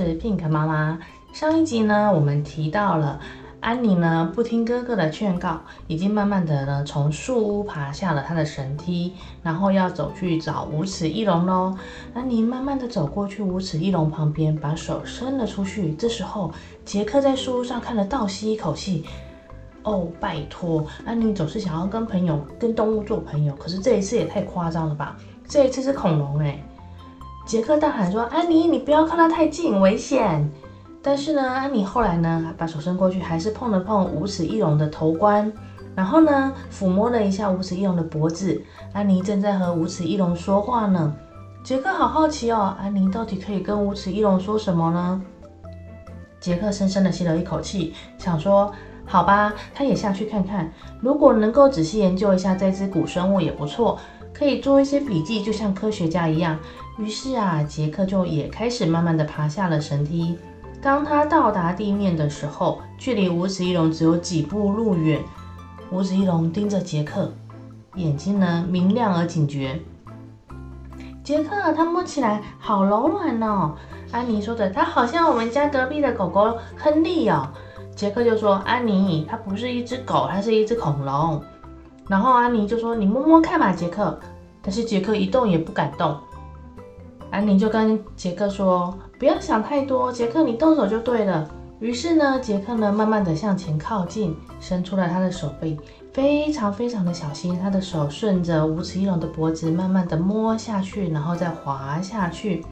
是 Pink 媽媽。上一集呢，我們提到了安妮呢，不聽哥哥的勸告，已經慢慢的呢從樹屋爬下了他的神梯，然後要走去找無齒翼龍嘍。安妮慢慢的走過去無齒翼龍旁邊，把手伸了出去。這時候，傑克在樹屋上看了倒吸一口氣。哦，拜託，安妮總是想要跟朋友、跟動物做朋友，可是這一次也太誇張了吧？這一次是恐龍哎、欸。傑克大喊說：“安妮，你不要靠他太近，危險！”但是呢，安妮後來呢，把手伸過去，還是碰了碰無齒翼龍的頭冠，然後呢，撫摸了一下無齒翼龍的脖子。安妮正在和無齒翼龍說話呢。傑克好好奇哦，安妮到底可以跟無齒翼龍說什麼呢？傑克深深的吸了一口氣，想說：“好吧，他也下去看看。如果能夠仔細研究一下這隻古生物也不錯，可以做一些筆記，就像科學家一樣。”於是啊，傑克就也開始慢慢的爬下了繩梯。當他到達地面的時候，距離無齒翼龍只有幾步路遠。無齒翼龍盯着傑克，眼睛呢，明亮而警覺。傑克，它摸起來好柔軟哦，安妮說的，它好像我們家隔壁的狗狗亨利哦。傑克就說：“安妮，它不是一隻狗，它是一隻恐龍。”然後安妮就說：“你摸摸看嘛，傑克。”但是傑克一動也不敢動。安妮就跟傑克說：“不要想太多，傑克，你動手就對了。”於是呢，傑克呢慢慢地向前靠近，伸出了他的手臂，非常非常的小心，他的手順着無齒翼龍的脖子慢慢地摸下去，然後再滑下去。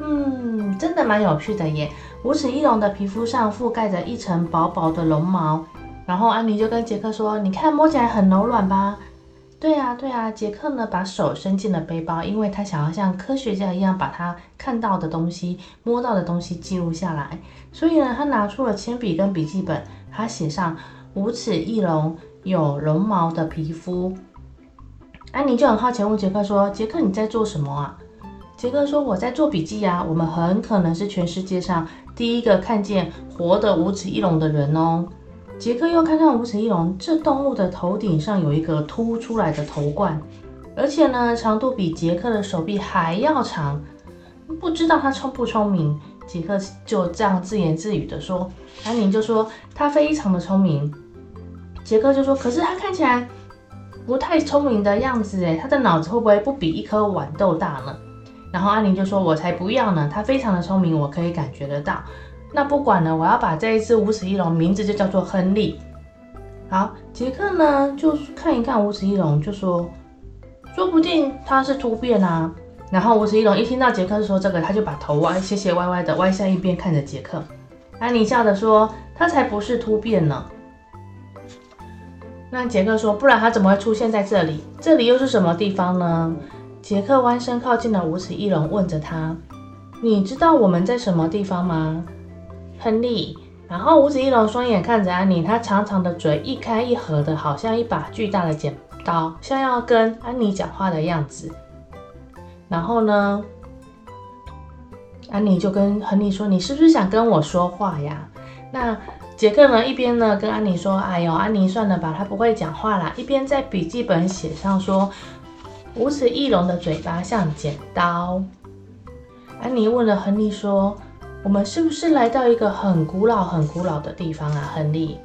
嗯，真的蠻有趣的耶。無齒翼龍的皮膚上覆蓋着一層薄薄的絨毛，然後安妮就跟傑克說：“你看，摸起來很柔軟吧？”對呀，對呀，傑克呢，把手伸進了背包，因為他想要像科學家一樣，把他看到的東西、摸到的東西記錄下來。所以呢，他拿出了鉛筆跟筆記本，他寫上無齒翼龍有絨毛的皮膚。安妮就很好奇問傑克說：“傑克，你在做什麼啊？”傑克說：“我在做筆記啊，我們很可能是全世界上第一個看見活的無齒翼龍的人哦。”傑克又看看無齒翼龍，這動物的頭頂上有一個凸出來的頭冠，而且呢，長度比傑克的手臂還要長。不知道他聰不聰明？傑克就這樣自言自語的說。安妮就說他非常的聰明。傑克就說可是他看起來不太聰明的樣子，哎，他的腦子會不會不比一顆豌豆大呢？然後安妮就說我才不要呢，他非常的聰明，我可以感覺得到。那不管了，我要把這一隻無齒翼龍名字就叫做亨利。好，傑克呢就看一看無齒翼龍，就說：“說不定它是突變啊。”然後無齒翼龍一聽到傑克說這個，他就把頭歪斜斜歪歪的歪向一邊看着傑克。安妮笑着說：“它才不是突變呢。”那傑克說：“不然它怎麼會出現在這裡？這裡又是什麼地方呢？”傑克彎身靠近了無齒翼龍，問着他：“你知道我們在什麼地方嗎？”亨利，然後無齒翼龍雙眼看着安妮，他長長的嘴一開一合的，好像一把巨大的剪刀，像要跟安妮講話的樣子。然後呢，安妮就跟亨利說：“你是不是想跟我說話呀？”那傑克呢，一邊呢跟安妮說：“哎呦，安妮，算了吧，她不會講話啦。”一邊在筆記本寫上說：“無齒翼龍的嘴巴像剪刀。”安妮問了亨利說。我們是不是來到一個很古老、很古老的地方啊，亨利？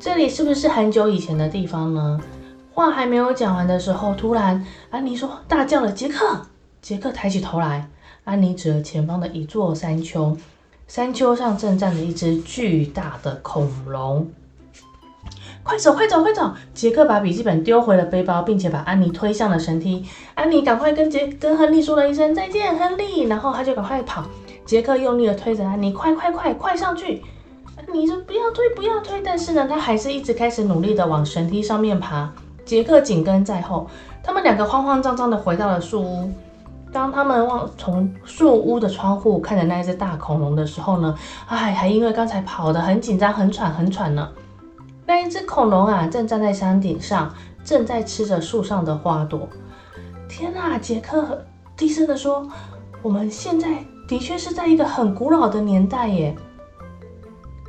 這裡是不是很久以前的地方呢？話還沒有講完的時候，突然安妮說：“大叫了！”傑克，傑克抬起頭來，安妮指著前方的一座山丘，山丘上正站着一隻巨大的恐龍。快走，快走，快走！傑克把筆記本丟回了背包，並且把安妮推向了繩梯。安妮趕快跟傑跟亨利說了一聲再見，亨利，然後他就趕快跑。傑克用力的推着他，你快快快快上去！你就不要推不要推，但是呢，他還是一直開始努力的往繩梯上面爬。傑克緊跟在後，他們兩個慌慌張張地回到了樹屋。當他們望從樹屋的窗戶看着那一隻大恐龍的時候呢，哎，還因為剛才跑得很緊張、很喘、很喘呢。那一隻恐龍啊，正站在山頂上，正在吃着樹上的花朵。天哪、啊！傑克低聲地說：“我們現在。”的確是在一個很古老的年代耶。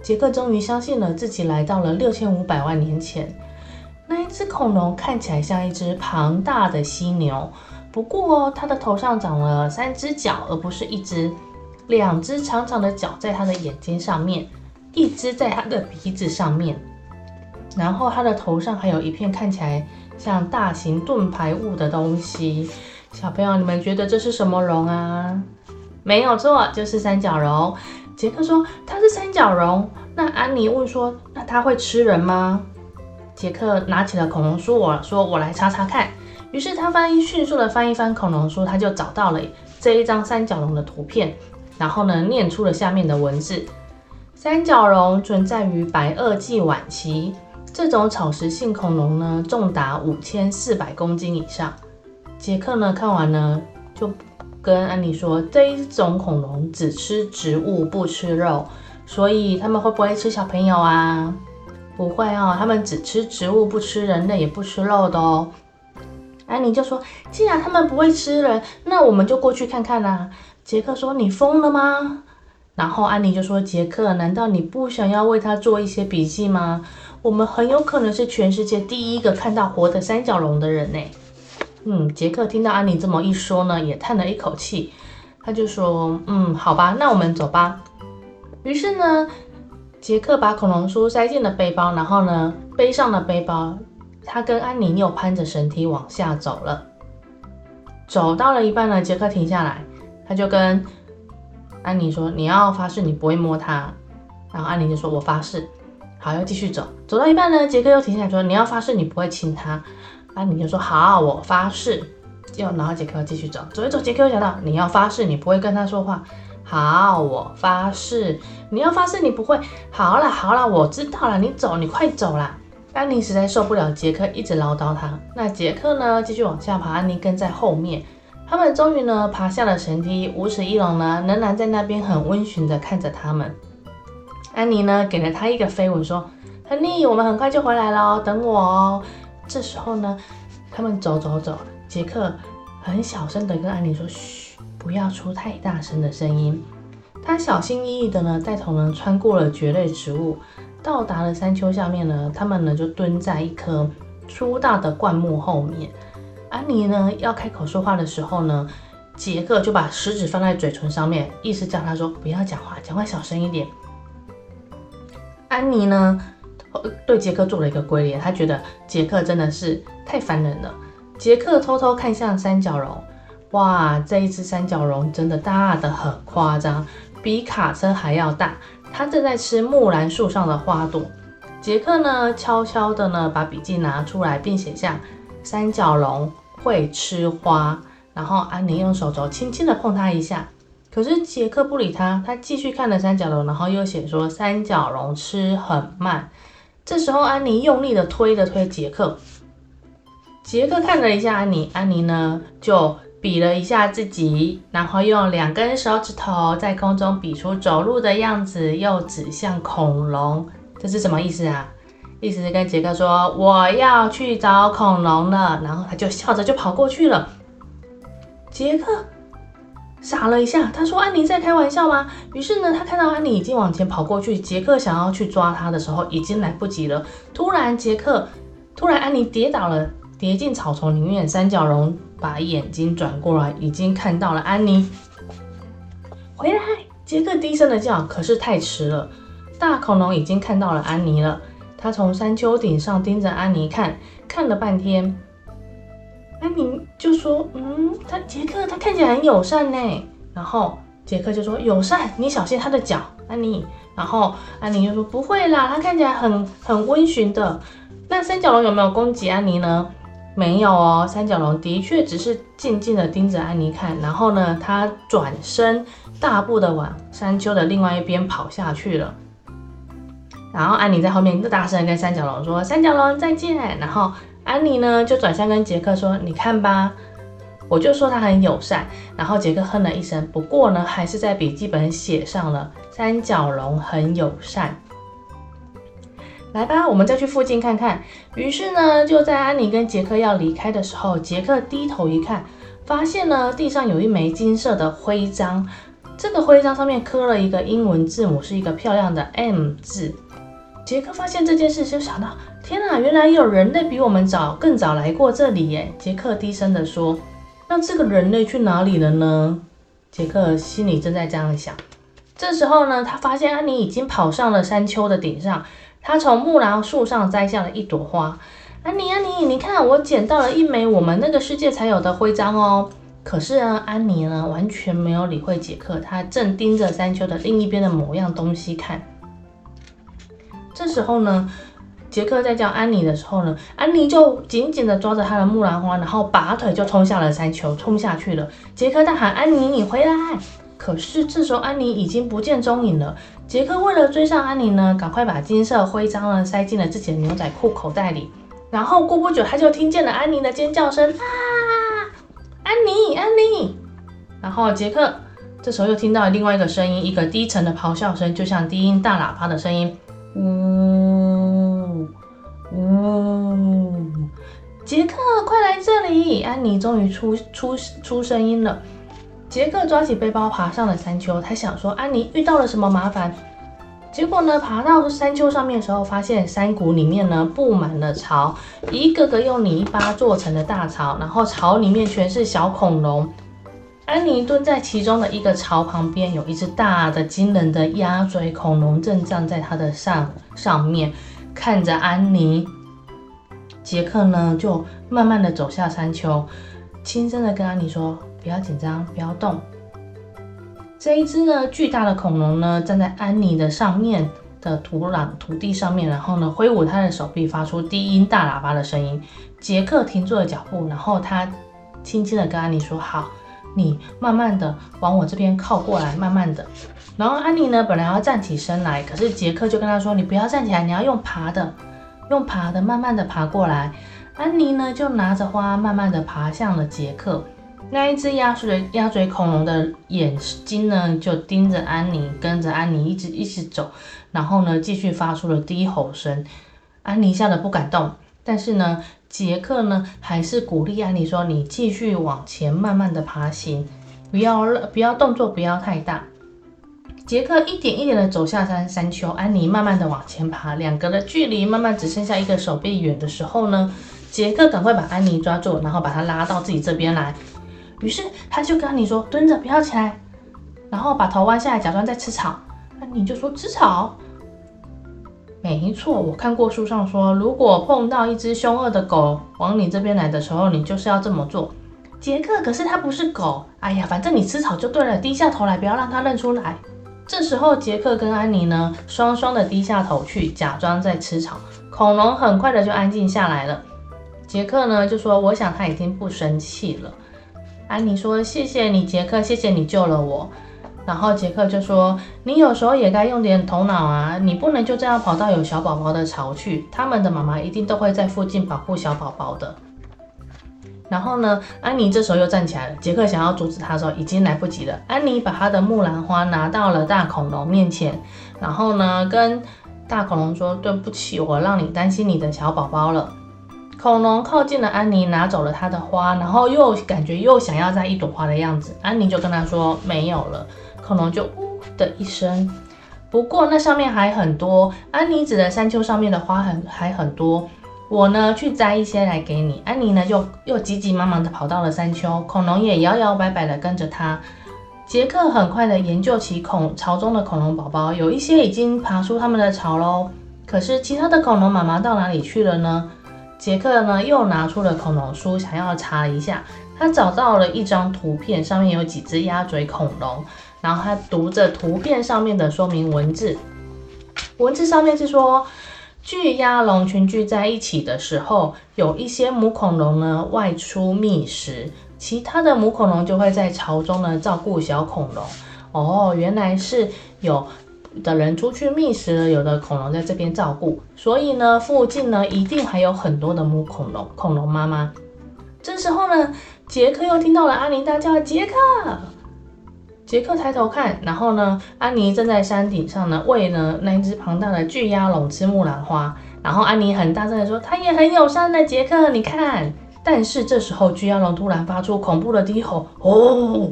傑克終於相信了，自己來到了六千五百萬年前。那一隻恐龍看起來像一隻龐大的犀牛，不過哦，它的頭上長了三隻角，而不是一隻，兩隻長長的角在它的眼睛上面，一隻在它的鼻子上面，然後它的頭上還有一片看起來像大型盾牌物的東西。小朋友，你們覺得這是什麼龍啊？沒有錯，就是三角龍。杰克說他是三角龍。那安妮問說：“那他會吃人嗎？”杰克拿起了恐龍書，我說：“我來查查看。”於是他翻，迅速地翻一翻恐龍書，他就找到了這一張三角龍的圖片，然後呢念出了下面的文字：三角龍存在於白堊紀晚期，這種草食性恐龍呢重達五千四百公斤以上。杰克呢看完呢就。跟安妮說，這種恐龍只吃植物，不吃肉，所以他們會不會吃小朋友啊？不會哦，他們只吃植物，不吃人類，也不吃肉的哦。安妮就說，既然他們不會吃人，那我們就過去看看啦、啊。杰克說，你瘋了嗎？然後安妮就說，杰克，難道你不想要為他做一些筆記嗎？我們很有可能是全世界第一個看到活的三角龍的人呢。嗯，傑克聽到安妮這麼一說呢，也嘆了一口氣。他就說，嗯，好吧，那我們走吧。於是呢，傑克把恐龍書塞進了背包，然後呢，背上了背包，他跟安妮又攀着繩梯往下走了。走到了一半呢，傑克停下來，他就跟安妮說，你要發誓你不會摸它。然後安妮就說，我發誓。好，要繼續走。走到一半呢，傑克又停下來，說，你要發誓你不會親它。安妮就說：“好，我發誓。”然後傑克繼續走，走一走，傑克又想到：“你要發誓，你不會跟他說話。”好，我發誓。你要發誓，你不會。好啦，好啦，我知道了。你走，你快走啦！安妮實在受不了傑克一直嘮叨他。那傑克呢，繼續往下爬，安妮跟在後面。他們終於呢爬下了神梯，無齒翼龍呢仍然在那邊很溫馴的看着他們。安妮呢給了他一個飛吻，說：“亨利，我們很快就回來嘍，等我哦。”這時候呢，他們走走走，傑克很小聲的跟安妮說：“噓，不要出太大聲的聲音。”他小心翼翼的呢，帶頭穿過了蕨類植物，到達了山丘下面呢。他們呢就蹲在一棵粗大的灌木後面。安妮呢要開口說話的時候呢，傑克就把食指放在嘴唇上面，意思叫他說不要講話，講話小聲一點。安妮呢，對傑克做了一個鬼臉，他覺得傑克真的是太煩人了。傑克偷偷看向三角龍，哇，這一只三角龍真的大得很誇張，比卡車還要大。他正在吃木蘭樹上的花朵。傑克呢，悄悄的呢把筆記拿出來，並寫下三角龍會吃花。然後安妮、啊、用手肘輕輕的碰他一下，可是傑克不理他，他繼續看着三角龍，然後又寫說三角龍吃很慢。這時候，安妮用力的推了推傑克。傑克看了一下安妮，安妮呢就比了一下自己，然後用兩根手指頭在空中比出走路的樣子，又指向恐龍，這是什麼意思啊？意思是跟傑克說我要去找恐龍了。然後他就笑着就跑過去了。傑克。傻了一下，他說：“安妮在開玩笑嗎？”於是呢，他看到安妮已經往前跑過去。傑克想要去抓他的時候，已經來不及了。突然傑，傑克突然安妮跌倒了，跌進草叢裡面。三角龍把眼睛轉過來，已經看到了安妮。回來，傑克低聲的叫，可是太遲了，大恐龍已經看到了安妮了。他從山丘頂上盯着安妮看，看了半天。安妮就說：“嗯，他傑克，他看起來很友善呢。”然後傑克就說：“友善，你小心他的腳，安妮。”然後安妮就說：“不會啦，他看起來很很溫馴的。”那三角龍有沒有攻擊安妮呢？沒有哦，三角龍的確只是靜靜的盯着安妮看，然後呢，他轉身大步的往山丘的另外一邊跑下去了。然後安妮在後面就大聲跟三角龍說：“三角龍再見。”然後。安妮呢，就轉向跟傑克說：“你看吧，我就說他很友善。”然後傑克哼了一聲。不過呢，還是在筆記本寫上了“三角龍很友善”。來吧，我們再去附近看看。於是呢，就在安妮跟傑克要離開的時候，傑克低頭一看，發現呢地上有一枚金色的徽章。這個徽章上面刻了一個英文字母，是一個漂亮的 M 字。傑克發現這件事，就想到。天啊，原來有人類比我們早更早來過這裡耶！傑克低聲地說。那這個人類去哪裡了呢？傑克心裡正在這樣想。這時候呢，他發現安妮已經跑上了山丘的頂上，他從木蘭樹上摘下了一朵花。安妮，安妮，你看，我撿到了一枚我們那個世界才有的徽章哦。可是啊，安妮呢，完全沒有理會傑克，他正盯着山丘的另一邊的某樣東西看。這時候呢。傑克在叫安妮的時候呢，安妮就緊緊的抓着他的木蘭花，然後拔腿就衝下了山丘，衝下去了。傑克大喊：“安妮，你回來！”可是這時候安妮已經不見蹤影了。傑克為了追上安妮呢，趕快把金色徽章呢塞進了自己的牛仔褲口袋裡。然後過不久，他就聽見了安妮的尖叫聲：“啊，安妮，安妮！”然後傑克這時候又聽到另外一個聲音，一個低沉的咆哮聲，就像低音大喇叭的聲音。安妮終於出出出聲音了。傑克抓起背包爬上了山丘，他想說安妮遇到了什麼麻煩。結果呢，爬到山丘上面的時候，發現山谷裡面呢布滿了巢，一個個用泥巴做成的大巢，然後巢裡面全是小恐龍。安妮蹲在其中的一個巢旁邊，有一隻大的、驚人的鴨嘴恐龍正站在它的上上面，看着安妮。杰克呢，就慢慢的走下山丘，輕聲地跟安妮說：“不要緊張，不要動。”這一只呢，巨大的恐龍呢，站在安妮的上面的土壤土地上面，然後呢，揮舞他的手臂，發出低音大喇叭的聲音。杰克停住了腳步，然後他輕輕地跟安妮說：“好，你慢慢地往我這邊靠過來，慢慢的。”然後安妮呢，本來要站起身來，可是杰克就跟他說：“你不要站起來，你要用爬的。”用爬的，慢慢的爬過來，安妮呢就拿着花慢慢的爬向了傑克。那一隻鴨嘴鴨嘴恐龍的眼睛呢就盯着安妮，跟着安妮一直一直走，然後呢繼續發出了低吼聲。安妮嚇得不敢動，但是呢杰克呢還是鼓勵安妮說：“你繼續往前慢慢的爬行，不要不要動作不要太大。”杰克一點一點的走下山山丘，安妮慢慢的往前爬，兩格的距離慢慢只剩下一個手臂遠的時候呢，杰克趕快把安妮抓住，然後把她拉到自己這邊來。於是他就跟你說：“蹲着，不要起來。”然後把頭彎下來，假裝在吃草。安妮就說：“吃草。”沒錯，我看過書上說，如果碰到一只凶惡的狗往你這邊來的時候，你就是要這麼做。杰克，可是它不是狗。哎呀，反正你吃草就對了，低下頭來，不要讓它認出來。這時候，傑克跟安妮呢，雙雙的低下頭去，假裝在吃草。恐龍很快的就安靜下來了。傑克呢就說：“我想他已經不生氣了。”安妮說：“謝謝你，傑克，謝謝你救了我。”然後傑克就說：“你有時候也該用點頭腦啊，你不能就這樣跑到有小寶寶的巢去，他們的媽媽一定都會在附近保護小寶寶的。”然後呢，安妮這時候又站起來了。傑克想要阻止她的時候，已經來不及了。安妮把她的木蘭花拿到了大恐龍面前，然後呢，跟大恐龍說：“對不起我，我讓你擔心你的小寶寶了。”恐龍靠近了安妮，拿走了她的花，然後又感覺又想要再一朵花的樣子。安妮就跟他說：“沒有了。”恐龍就嗚的一聲。不過那上面還很多，安妮指的山丘上面的花很還，還很多。我呢，去摘一些來給你。安妮呢，又又急急忙忙地跑到了山丘，恐龍也搖搖擺擺地跟着她。傑克很快地研究起孔巢中的恐龍寶寶，有一些已經爬出他們的巢嘍。可是其他的恐龍媽媽到哪裡去了呢？傑克呢，又拿出了恐龍書，想要查一下。他找到了一張圖片，上面有幾隻鴨嘴恐龍。然後他讀着圖片上面的說明文字，文字上面是說。巨鴨龍群聚在一起的時候，有一些母恐龍呢，外出覓食，其他的母恐龍就會在巢中呢，照顧小恐龍。哦，原來是有的人出去覓食了，有的恐龍在這邊照顧，所以呢，附近呢，一定還有很多的母恐龍，恐龍媽媽。這時候呢，傑克又聽到了安妮大叫：“傑克！”傑克抬頭看，然後呢，安妮正在山頂上呢，餵呢那一隻龐大的巨鴨龍吃木蘭花。然後安妮很大聲的說，它也很友善的，傑克，你看。但是這時候巨鴨龍突然發出恐怖的低吼，哦，哦，哦，哦！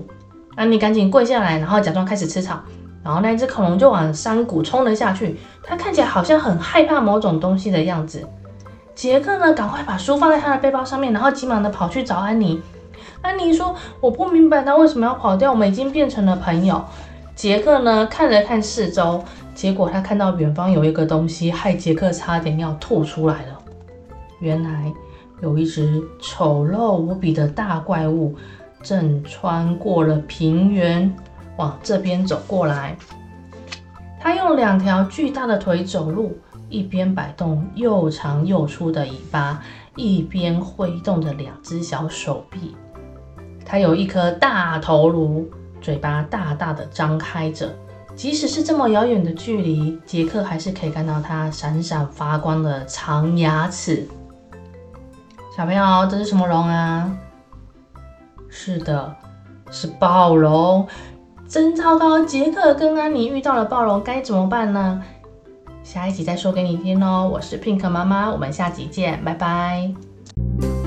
安妮趕緊跪下來，然後假裝開始吃草，然後那一隻恐龍就往山谷衝了下去。它看起來好像很害怕某種東西的樣子。傑克呢，趕快把書放在他的背包上面，然後急忙的跑去找安妮。安妮說：“我不明白他為什麼要跑掉。我們已經變成了朋友。”傑克呢，看了看四周，結果他看到遠方有一個東西，害傑克差點要吐出來了。原來有一隻醜陋無比的大怪物，正穿過了平原，往這邊走過來。他用兩條巨大的腿走路，一邊擺動又長又粗的尾巴，一邊揮動着兩隻小手臂。它有一顆大頭顱，嘴巴大大的張開着，即使是這麼遙遠的距離，傑克還是可以看到它閃閃發光的長牙齒。小朋友，這是什麼龍啊？是的，是暴龍。真糟糕，傑克跟安妮遇到了暴龍，該怎麼辦呢？下一集再說給你聽哦。我是 Pink 媽媽，我們下集見，拜拜。